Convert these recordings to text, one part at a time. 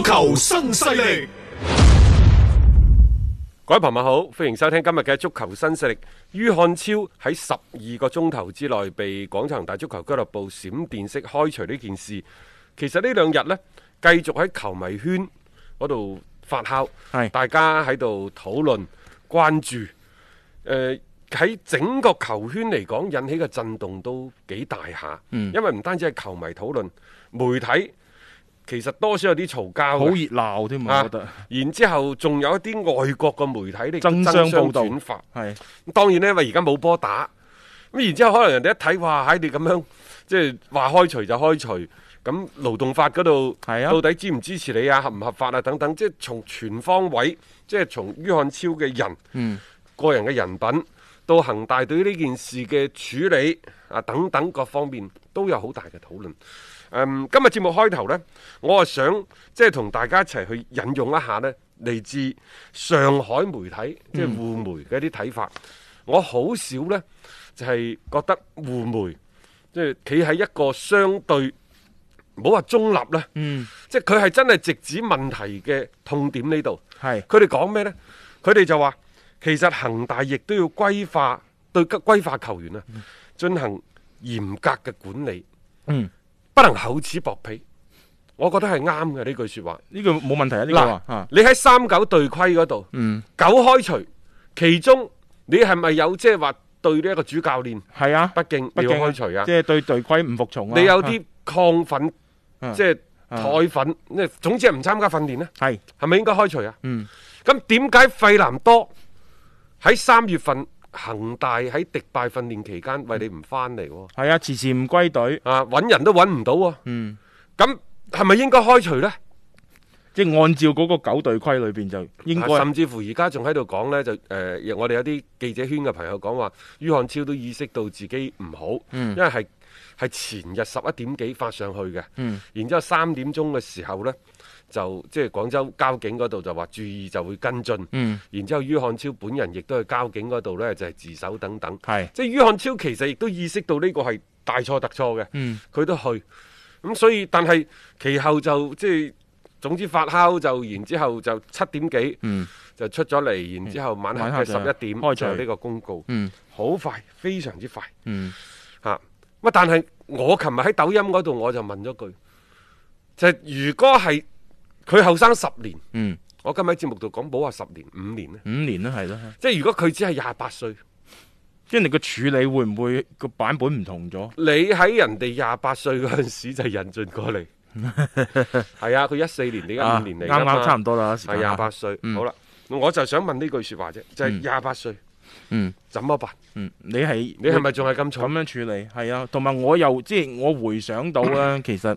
足球新勢力，各位朋友好，歡迎收聽今日嘅足球新勢力。于漢超喺十二個鐘頭之內被廣州恒大足球俱樂部閃電式開除呢件事，其實呢兩日呢，繼續喺球迷圈嗰度發酵，大家喺度討論、關注。誒、呃，喺整個球圈嚟講，引起嘅震動都幾大下、嗯。因為唔單止係球迷討論，媒體。其實多少有啲嘈交，好熱鬧添啊！我覺得。啊、然之後仲有一啲外國嘅媒體嚟 爭相報道。係。當然呢，因為而家冇波打，咁然之後可能人哋一睇，哇！喺、哎、你咁樣，即係話開除就開除，咁勞動法嗰度到底支唔支持你啊？合唔合法啊？等等，即係從全方位，即係從于漢超嘅人，嗯，個人嘅人品。到恆大對呢件事嘅處理啊等等各方面都有好大嘅討論。嗯，今日節目開頭呢，我啊想即係同大家一齊去引用一下呢，嚟自上海媒體即係、就是、互媒嘅一啲睇法。嗯、我好少呢就係、是、覺得互媒即係企喺一個相對唔好話中立啦，嗯，即係佢係真係直指問題嘅痛點呢度。係佢哋講咩呢？佢哋就話。其實恒大亦都要歸化對歸化球員啊，進行嚴格嘅管理，嗯，不能厚此薄彼。我覺得係啱嘅呢句說話，呢句冇問題啊。呢個、啊、你喺三九隊規嗰度，九開除，其中你係咪有即係話對呢一個主教練係啊，畢、嗯、竟要開除啊，即、就、係、是、對隊規唔服從啊，你有啲抗訓，即係怠訓，即、就、係、是啊、總之係唔參加訓練呢係係咪應該開除啊？咁點解費南多？喺三月份，恆大喺迪拜訓練期間，喂你唔翻嚟，係啊，遲遲唔歸隊，啊，搵、啊、人都搵唔到，啊，嗯，咁係咪應該開除呢？即係按照嗰個九隊規裏邊就應該、啊，甚至乎而家仲喺度講呢。就誒、呃，我哋有啲記者圈嘅朋友講話，于漢超都意識到自己唔好，嗯，因為係。係前日十一點幾發上去嘅、嗯，然之後三點鐘嘅時候呢，就即係廣州交警嗰度就話注意就會跟進，嗯、然之後于漢超本人亦都去交警嗰度呢，就係、是、自首等等，即係于漢超其實亦都意識到呢個係大錯特錯嘅，佢、嗯、都去，咁所以但係其後就即係總之發酵就然之後就七點幾就出咗嚟、嗯，然之後晚黑係十一點就呢個公告，好、嗯、快非常之快，吓、嗯。啊但係我琴日喺抖音嗰度，我就問咗句，就係、是、如果係佢後生十年，嗯，我今日喺節目度講冇話十年五年咧，五年咧，係咯，即係如果佢只係廿八歲，即係你個處理會唔會個版本唔同咗？你喺人哋廿八歲嗰陣時候就引進過嚟，係 啊，佢一四年，你而家五年嚟，啱、啊、啱差唔多啦，係廿八歲。嗯、好啦，我就想問呢句説話啫，就係廿八歲。嗯嗯，怎麼辦？嗯，你係你係咪仲係咁蠢咁樣處理？係啊，同埋我又即係我回想到啦、嗯，其實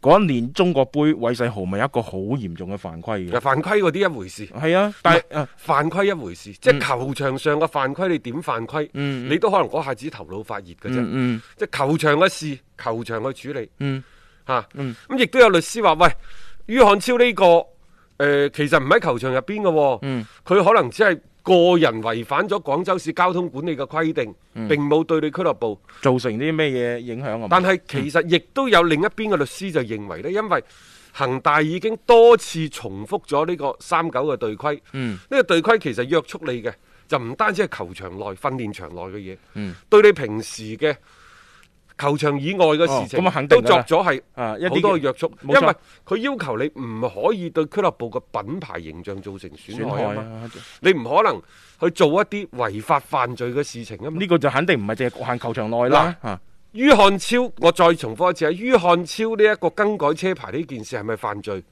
嗰年中國盃韋世豪咪一個好嚴重嘅犯規嘅，犯規嗰啲一回事係啊，但係犯規一回事，嗯、即係球場上嘅犯，犯規，你點犯規？嗯，你都可能嗰下子頭腦發熱嘅啫、嗯。嗯，即係球場嘅事，球場去處理。嗯、吓、嗯啊、嗯、咁、嗯、亦、嗯、都有律師話，喂，于漢超呢、呢個誒、呃，其實唔喺球場入邊嘅。喎、嗯。」佢可能只係。個人違反咗廣州市交通管理嘅規定，並冇對你俱樂部、嗯、造成啲咩嘢影響。但係其實亦都有另一邊嘅律師就認為呢，因為恒大已經多次重複咗呢個三九嘅隊規，呢、嗯呢個隊規其實約束你嘅就唔單止係球場內、訓練場內嘅嘢、嗯，對你平時嘅。球場以外嘅事情、哦、肯定的都作咗係好多的約束，啊、的因為佢要求你唔可以對俱樂部嘅品牌形象造成損害，害啊！你唔可能去做一啲違法犯罪嘅事情啊！呢、這個就肯定唔係淨係局限球場內啦、啊。啊，于漢超，我再重複一次啊！于漢超呢一個更改車牌呢件事係咪犯罪？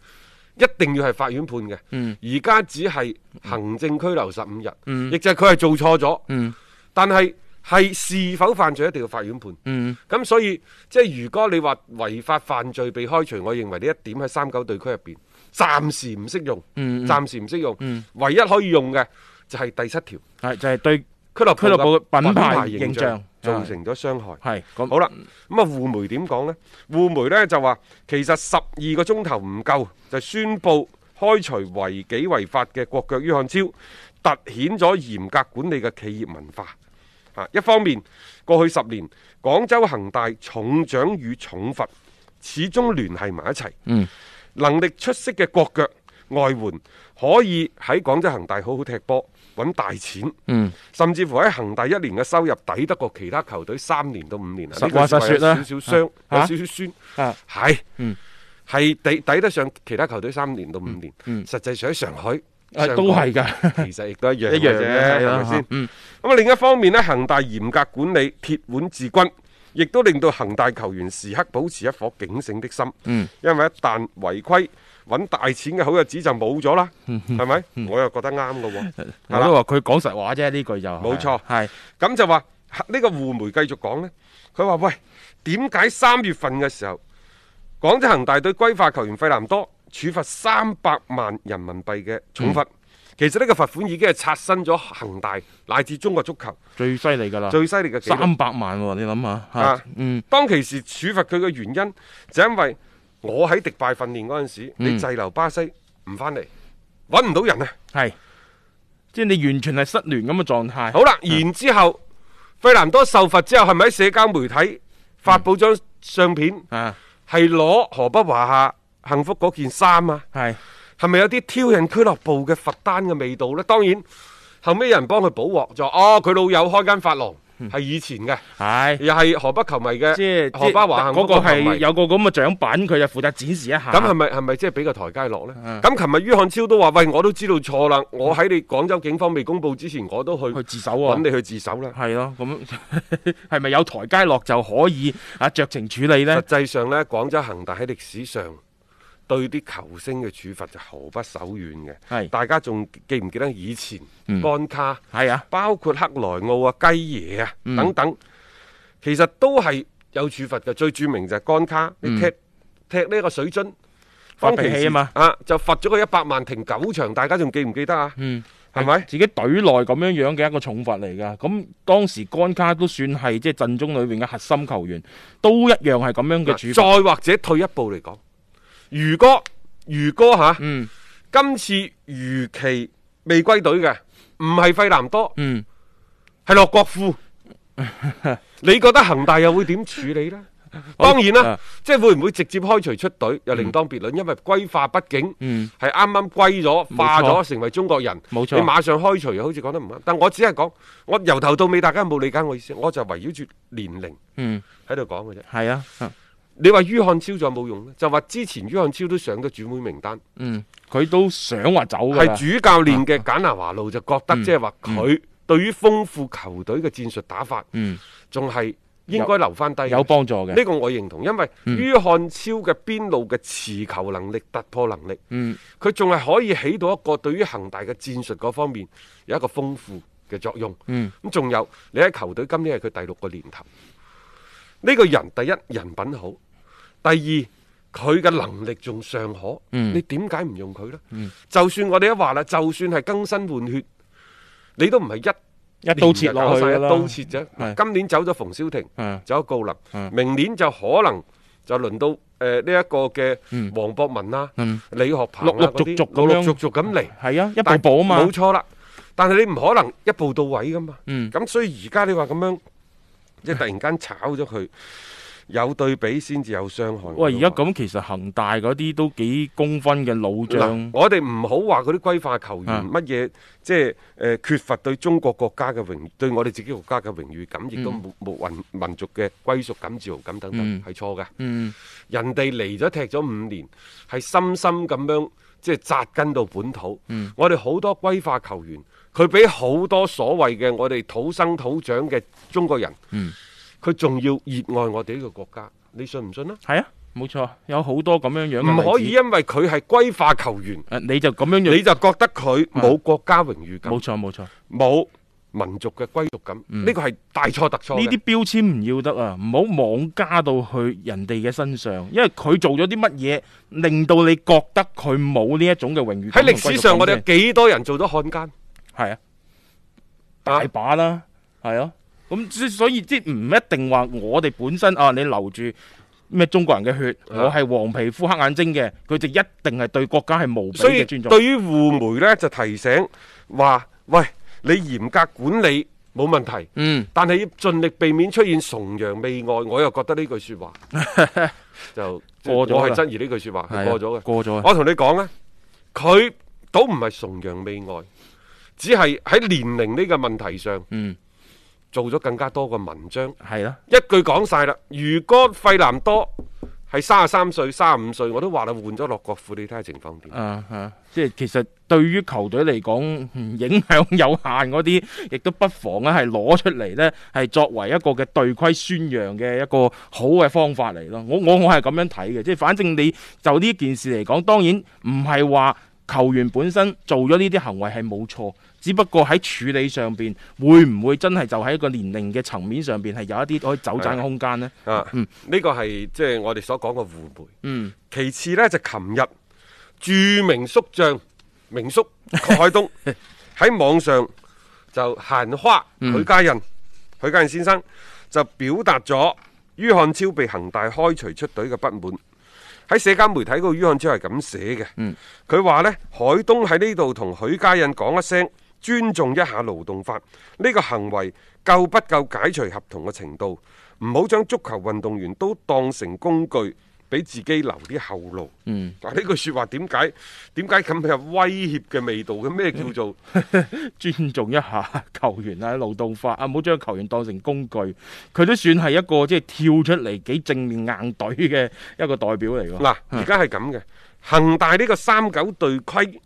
一定要係法院判嘅。嗯，而家只係行政拘留十五日。亦、嗯、就係佢係做錯咗。嗯，但係。係是，是否犯罪，一定要法院判。嗯，嗯，咁所以即係、就是，如果你話違法犯罪被開除，我認為呢一點喺三九隊區入邊暫時唔適用，暫時唔適用。嗯嗯嗯嗯，唯一可以用嘅就係第七條，係就係、是、對俱樂俱樂部嘅品牌形象、就是、牌形象造成咗傷害。係好啦，咁啊，互媒點講呢？互媒呢就話其實十二個鐘頭唔夠，就宣布開除違紀違法嘅國腳于漢超，凸顯咗嚴格管理嘅企業文化。啊！一方面，過去十年廣州恒大重獎與重罰始終聯繫埋一齊。嗯，能力出色嘅國腳外援可以喺廣州恒大好好踢波揾大錢。嗯，甚至乎喺恒大一年嘅收入抵得過其他球隊三年到五年。實話實說啦，少少傷，有少少酸。啊，係、係，抵抵得上其他球隊三年到五年，嗯。嗯，實際上喺上海。啊，都係噶，其實亦都一樣， 一樣啫，係咪先？咁啊，另一方面咧，恒大嚴格管理，鐵腕治軍，亦都令到恒大球員時刻保持一顆警醒的心。嗯，因為一旦違規，揾大錢嘅好日子就冇咗啦。係、嗯、咪？我又覺得啱嘅喎。我都話佢講實話啫，呢句就冇錯。係咁就話呢、這個滬媒繼續講呢，佢話喂，點解三月份嘅時候，廣州恒大隊歸化球員費南多？處罰三百萬人民幣嘅重罰、嗯，其實呢個罰款已經係刷新咗恒大乃至中國足球最犀利噶啦，最犀利嘅三百萬、哦，你諗下吓，嗯，當其時處罰佢嘅原因就因為我喺迪拜訓練嗰陣時候，你滯留巴西唔翻嚟，揾、嗯、唔到人啊，係，即係你完全係失聯咁嘅狀態。好啦，嗯、然之後費、嗯、南多受罰之後，係咪喺社交媒體發布了張相片，係攞河北華夏？幸福嗰件衫啊，係係咪有啲挑釁俱樂部嘅罰單嘅味道呢？當然，後尾有人幫佢補鑊咗。哦，佢老友開間髮廊，係以前嘅，係、嗯、又係河北球迷嘅，即係河北華夏幸福嘅球迷、那個、有個咁嘅獎品，佢就負責展示一下。咁係咪係咪即係俾個台階落呢？咁琴日于漢超都話：喂，我都知道錯啦，我喺你廣州警方未公布之前，我都去去自首啊！你去自首啦。係咯、啊，咁係咪有台階落就可以啊？酌情處理呢。實際上呢，廣州恆大喺歷史上。對啲球星嘅處罰就毫不手軟嘅。係，大家仲記唔記得以前干卡？係、嗯、啊，包括克萊奧啊、雞爺啊等等、嗯，其實都係有處罰嘅。最著名就係干卡，嗯、你踢踢呢個水樽發脾氣啊嘛啊，就罰咗個一百萬，停九場。大家仲記唔記得啊？嗯，係咪自己隊內咁樣樣嘅一個重罰嚟噶？咁當時干卡都算係即係陣中裏面嘅核心球員，都一樣係咁樣嘅處罰。再或者退一步嚟講。如果，如果吓，今次逾期未歸隊嘅，唔係費南多，係洛國富。你覺得恆大又會點處理呢？當然啦，即係會唔會直接開除出隊，又另當別論。因為歸化畢竟係啱啱歸咗化咗，成為中國人，冇錯，你馬上開除，又好似講得唔啱。但我只係講，我由頭到尾大家冇理解我意思，我就圍繞住年齡喺度講嘅啫。係啊。你話于漢超仲有冇用呢？就話之前于漢超都上咗轉會名單，嗯，佢都想話走嘅。係主教練嘅簡拿華路就覺得，嗯嗯、即係話佢對於豐富球隊嘅戰術打法，嗯，仲係應該留翻低，有幫助嘅。呢個我認同，因為于漢超嘅邊路嘅持球能力、突破能力，嗯，佢仲係可以起到一個對於恒大嘅戰術嗰方面有一個豐富嘅作用，嗯。咁仲有你喺球隊，今年係佢第六個年頭。呢個人第一人品好，第二佢嘅能力仲尚可。嗯，你點解唔用佢咧？嗯，就算我哋一話啦，就算係更新換血，你都唔係一一刀切攞曬啦，一刀切啫。係，今年走咗馮瀟霆，嗯，走咗郜林，嗯，明年就可能就輪到誒呢一個嘅黃博文啦，嗯，李學鵬啦嗰啲，陸陸續續陸陸續續咁嚟，係啊，一步補啊嘛，冇錯啦。但係你唔可能一步到位噶嘛。嗯，咁所以而家你話咁樣。即係突然間炒咗佢，有對比先至有傷害。喂，而家咁其實恒大嗰啲都幾公分嘅老將。嗱，我哋唔好話嗰啲歸化球員乜嘢，即係誒、呃、缺乏對中國國家嘅榮，對我哋自己國家嘅榮譽感，亦、嗯、都冇冇民民族嘅歸屬感、自豪感等等，係錯嘅。嗯，人哋嚟咗踢咗五年，係深深咁樣。即係紮根到本土，嗯、我哋好多歸化球員，佢比好多所謂嘅我哋土生土長嘅中國人，佢、嗯、仲要熱愛我哋呢個國家，你信唔信是啊？係啊，冇錯，有好多咁樣樣。唔可以因為佢係歸化球員，啊、你就咁樣樣，你就覺得佢冇國家榮譽感。冇、啊、錯，冇錯，冇。民族嘅歸屬感，呢個係大錯特錯。呢啲標籤唔要得啊，唔好妄加到去人哋嘅身上，因為佢做咗啲乜嘢，令到你覺得佢冇呢一種嘅榮譽。喺歷史上，我哋有幾多人做咗漢奸？係啊，大把啦。係啊，咁、啊、所以即唔一定話我哋本身啊，你留住咩中國人嘅血，啊、我係黃皮膚黑眼睛嘅，佢就一定係對國家係無比嘅尊重。所以對於護媒咧，就提醒話喂。你嚴格管理冇問題，嗯、但係要盡力避免出現崇洋媚外，我又覺得呢句說話 就過咗。我係質疑呢句說話係過咗嘅，過咗。我同你講咧，佢都唔係崇洋媚外，只係喺年齡呢個問題上，嗯、做咗更加多嘅文章。係咯，一句講晒啦。如果費南多係三十三歲、三十五歲，我都話你換咗落國庫，你睇下情況點。啊即係其實對於球隊嚟講，影響有限嗰啲，亦都不妨咧係攞出嚟呢，係作為一個嘅隊規宣揚嘅一個好嘅方法嚟咯。我我我係咁樣睇嘅，即係反正你就呢件事嚟講，當然唔係話球員本身做咗呢啲行為係冇錯。只不過喺處理上邊，會唔會真係就喺一個年齡嘅層面上邊係有一啲可以走盞嘅空間呢？啊，呢、嗯啊呢個係即係我哋所講嘅護背。嗯，其次呢，就琴日著名宿將名宿郝海東喺 網上就閒話許家印、嗯，許家印先生就表達咗于漢超被恒大開除出隊嘅不滿。喺社交媒體個于漢超係咁寫嘅。佢、嗯、話呢，海東喺呢度同許家印講一聲。尊重一下勞動法呢個行為夠不夠解除合同嘅程度？唔好將足球運動員都當成工具，俾自己留啲後路。嗯，嗱，呢句説話點解點解咁有威脅嘅味道嘅？咩叫做、嗯、呵呵尊重一下球員啊、勞動法啊？唔好將球員當成工具，佢都算係一個即係跳出嚟幾正面硬隊嘅一個代表嚟㗎。嗱，而家係咁嘅，嗯、恒大呢個三九隊規。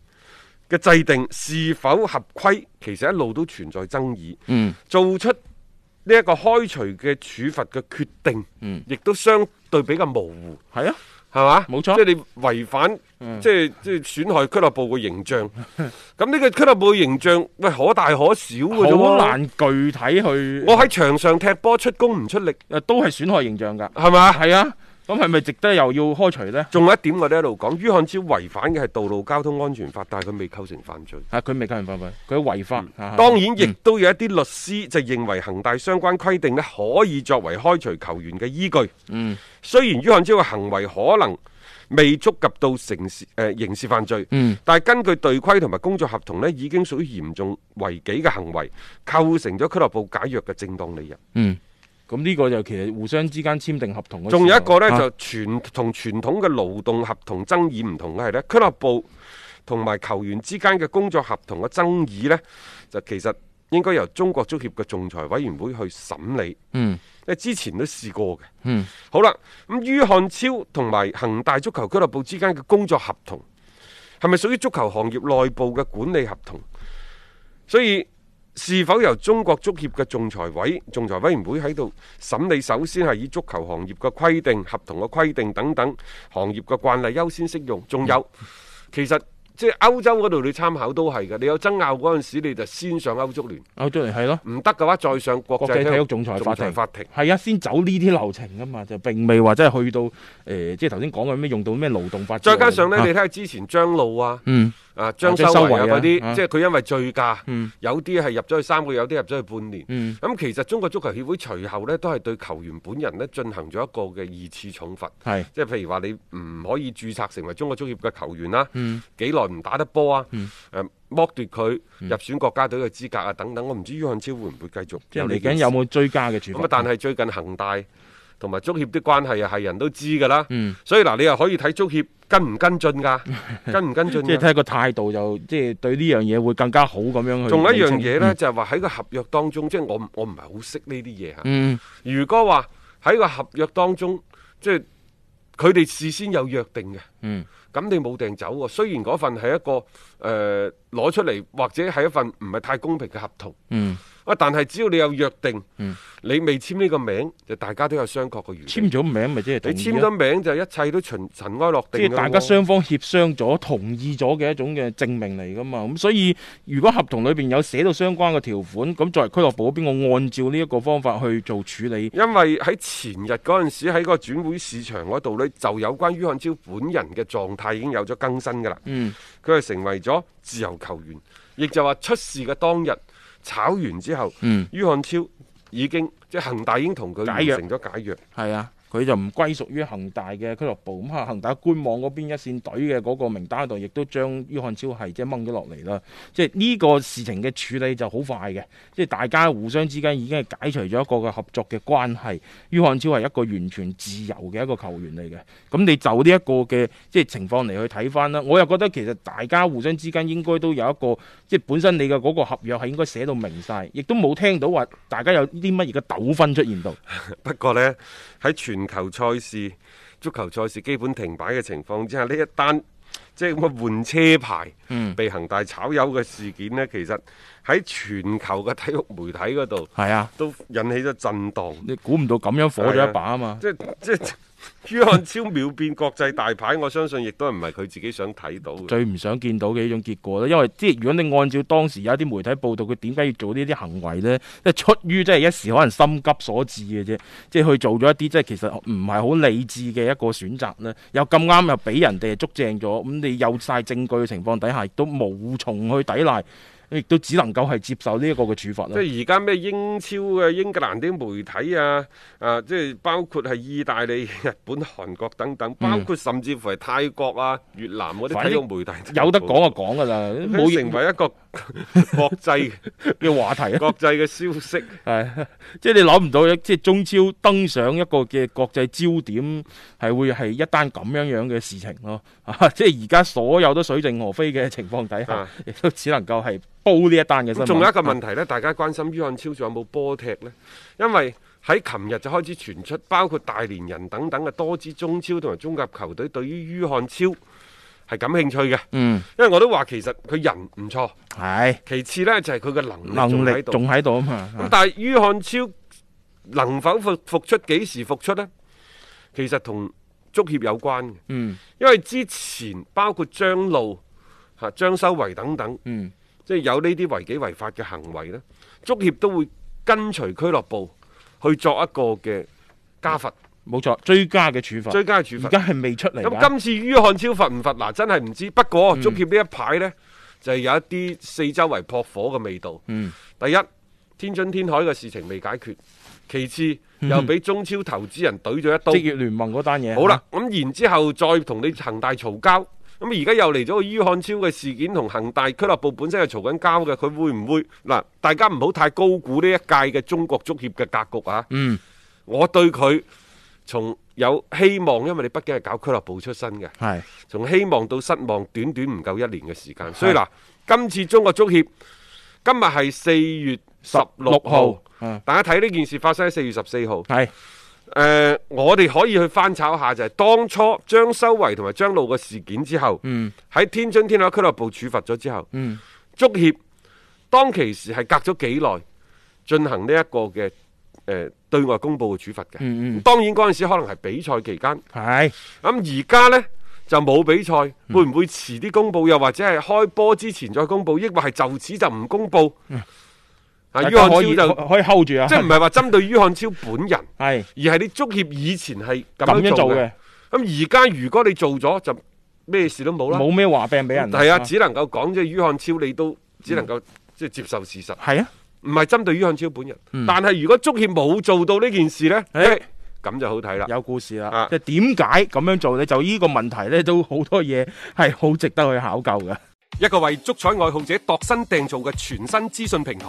嘅制定是否合規，其實一路都存在爭議。嗯，做出呢一個開除嘅處罰嘅決定，嗯，亦都相對比較模糊。係啊，係嘛，冇錯。即係你違反，嗯、即係即係損害俱樂部嘅形象。咁、嗯、呢個俱樂部形象，喂， 可大可小嘅都好難具體去。我喺場上踢波出工唔出力，誒，都係損害形象㗎，係嘛？係啊。咁係咪值得又要開除呢？仲有一點，我哋喺度講，于漢超違反嘅係道路交通安全法，但係佢未構成犯罪。啊，佢未構成犯罪，佢違法、嗯啊。當然，亦都有一啲律師就認為恒大相關規定呢可以作為開除球員嘅依據。嗯，雖然于漢超嘅行為可能未觸及到刑事誒刑事犯罪。嗯，但係根據隊規同埋工作合同呢已經屬於嚴重違紀嘅行為，構成咗俱樂部解約嘅正當理由。嗯。咁呢個就其實互相之間簽訂合同，仲有一個呢，就傳同傳統嘅勞動合同爭議唔同嘅係呢，俱樂部同埋球員之間嘅工作合同嘅爭議呢，就其實應該由中國足協嘅仲裁委員會去審理。嗯，因之前都試過嘅。嗯，好啦，咁于漢超同埋恒大足球俱樂部之間嘅工作合同係咪屬於足球行業內部嘅管理合同？所以。是否由中國足協嘅仲裁委、仲裁委員會喺度審理？首先係以足球行業嘅規定、合同嘅規定等等，行業嘅慣例優先適用。仲有，其實即係歐洲嗰度你參考都係嘅。你有爭拗嗰陣時，你就先上歐足聯。歐足聯係咯，唔得嘅話再上國際體育仲裁法庭。法庭係啊，先走呢啲流程啊嘛，就並未話真係去到誒、呃，即係頭先講嘅咩用到咩勞動法。再加上呢，啊、你睇下之前張路啊。嗯。啊，張修圍嗰啲，即係佢因為醉駕，有啲係入咗去三個月，有啲入咗去半年。咁、嗯、其實中國足球協會隨後呢，都係對球員本人呢進行咗一個嘅二次重罰，即係譬如話你唔可以註冊成為中國足協嘅球員啦，幾耐唔打得波啊，誒剝奪佢入選國家隊嘅資格啊等等。我唔知于漢超會唔會繼續，嚟緊有冇追加嘅處罰？咁但係最近恆大。同埋足協啲關係啊，係人都知噶啦、嗯。所以嗱，你又可以睇足協跟唔跟進噶， 跟唔跟進的。即係睇個態度就，就即、係、係對呢樣嘢會更加好咁樣去。仲有一樣嘢咧，就係話喺個合約當中，即、就、係、係、我我唔係好識呢啲嘢嚇。如果話喺個合約當中，即係佢哋事先有約定嘅，咁、嗯、你冇定走喎。雖然嗰份係一個誒攞、呃、出嚟，或者係一份唔係太公平嘅合同。嗯。喂，但係只要你有約定，嗯、你未簽呢個名，就大家都有商榷嘅餘。簽咗名咪即係你簽咗名就一切都塵塵埃落定。即係大家雙方協商咗、同意咗嘅一種嘅證明嚟噶嘛。咁所以如果合同裏邊有寫到相關嘅條款，咁作為俱樂部邊個按照呢一個方法去做處理。因為喺前日嗰陣時喺個轉會市場嗰度呢，就有關於漢超本人嘅狀態已經有咗更新噶啦。嗯，佢係成為咗自由球員，亦就話出事嘅當日。炒完之後，嗯、于漢超已經即係恒大已經同佢完成咗解約，係啊。佢就唔歸屬於恒大嘅俱樂部，咁啊恒大官網嗰邊一線隊嘅嗰個名單度，亦都將于漢超係即掹咗落嚟啦。即係呢個事情嘅處理就好快嘅，即係大家互相之間已經係解除咗一個嘅合作嘅關係。于漢超係一個完全自由嘅一個球員嚟嘅，咁你就呢一個嘅即係情況嚟去睇翻啦。我又覺得其實大家互相之間應該都有一個，即係本身你嘅嗰個合約係應該寫到明晒，亦都冇聽到話大家有啲乜嘢嘅糾紛出現到。 不過呢。喺全球賽事、足球賽事基本停擺嘅情況之下，呢一單即係咁嘅換車牌被恒大炒魷嘅事件呢，嗯，其實喺全球嘅體育媒體嗰度，係啊，都引起咗震盪，你估唔到咁樣火咗一把啊嘛！即係。即于漢超秒變國際大牌，我相信亦都唔係佢自己想睇到嘅，最唔想見到嘅一種結果咧。因為即係如果你按照當時有一啲媒體報道，佢點解要做呢啲行為呢？即係出於即係一時可能心急所致嘅啫，即係去做咗一啲即係其實唔係好理智嘅一個選擇呢，又咁啱又俾人哋捉正咗，咁你有晒證據嘅情況底下，亦都無從去抵賴。亦都只能夠係接受呢一個嘅處罰咯。即係而家咩英超嘅，啊、英格蘭啲媒體啊，啊即係包括係意大利、日本、韓國等等，包括甚至乎係泰國啊、越南嗰啲體育媒體，有得講就講噶啦，冇成為一個國際嘅 話題啊。國際嘅消息係，即係你諗唔到，即係中超登上一個嘅國際焦點，係會係一單咁樣樣嘅事情咯，啊。即係而家所有都水靜河飛嘅情況底下，亦都只能夠係。煲呢一單嘅，仲有一個問題呢，大家關心于漢超仲有冇波踢呢？因為喺琴日就開始傳出，包括大連人等等嘅多支中超同埋中甲球隊，對於于漢超係感興趣嘅。嗯，因為我都話其實佢人唔錯。係，其次呢就係佢嘅能力仲喺度啊嘛。咁但係于漢超能否復復出？幾時復出呢？其實同足協有關嘅。嗯，因為之前包括張路、吓張修維等等。嗯。即係有呢啲違紀違法嘅行為呢，足協都會跟隨俱樂部去作一個嘅加罰。冇錯，追加嘅處罰。追加嘅處罰。而家係未出嚟。咁今次于漢超罰唔罰嗱？真係唔知。不過足、嗯、協呢一排呢，就有一啲四周圍撲火嘅味道。嗯。第一，天津天海嘅事情未解決；其次，又俾中超投資人懟咗一刀。職業聯盟嗰單嘢。好啦，咁、嗯、然之後再同你恒大嘈交。咁而家又嚟咗個于漢超嘅事件，同恒大俱樂部本身係嘈緊交嘅，佢會唔會嗱？大家唔好太高估呢一屆嘅中國足協嘅格局啊！嗯，我對佢從有希望，因為你畢竟係搞俱樂部出身嘅，係從希望到失望，短短唔夠一年嘅時間。所以嗱，今次中國足協今日係四月十六號，大家睇呢件事發生喺四月十四號，係。誒、呃，我哋可以去翻炒一下，就係、是、當初張修維同埋張路個事件之後，喺、嗯、天津天海俱樂部處罰咗之後，足、嗯、協當其時係隔咗幾耐進行呢一個嘅誒、呃、對外公布嘅處罰嘅。嗯，嗯，當然嗰陣時可能係比賽期間。係。咁而家呢就冇比賽，會唔會遲啲公布，嗯？又或者係開波之前再公布，抑或係就此就唔公布？嗯啊，于漢超就可以，可以 hold 住啊。即係唔係話針對于漢超本人，係而係你足協以前係咁樣做嘅。咁而家如果你做咗，就咩事都冇啦。冇咩話柄俾人，係啊，啊，只能夠講即係于漢超，你都只能夠即係、嗯、接受事實。係啊，唔係針對于漢超本人，嗯、但係如果足協冇做到呢件事咧，誒、嗯，咁就好睇啦。有故事啦，即係點解咁樣做咧？就呢個問題咧，都好多嘢係好值得去考究嘅。一個為足彩愛好者度身訂造嘅全新資訊平台。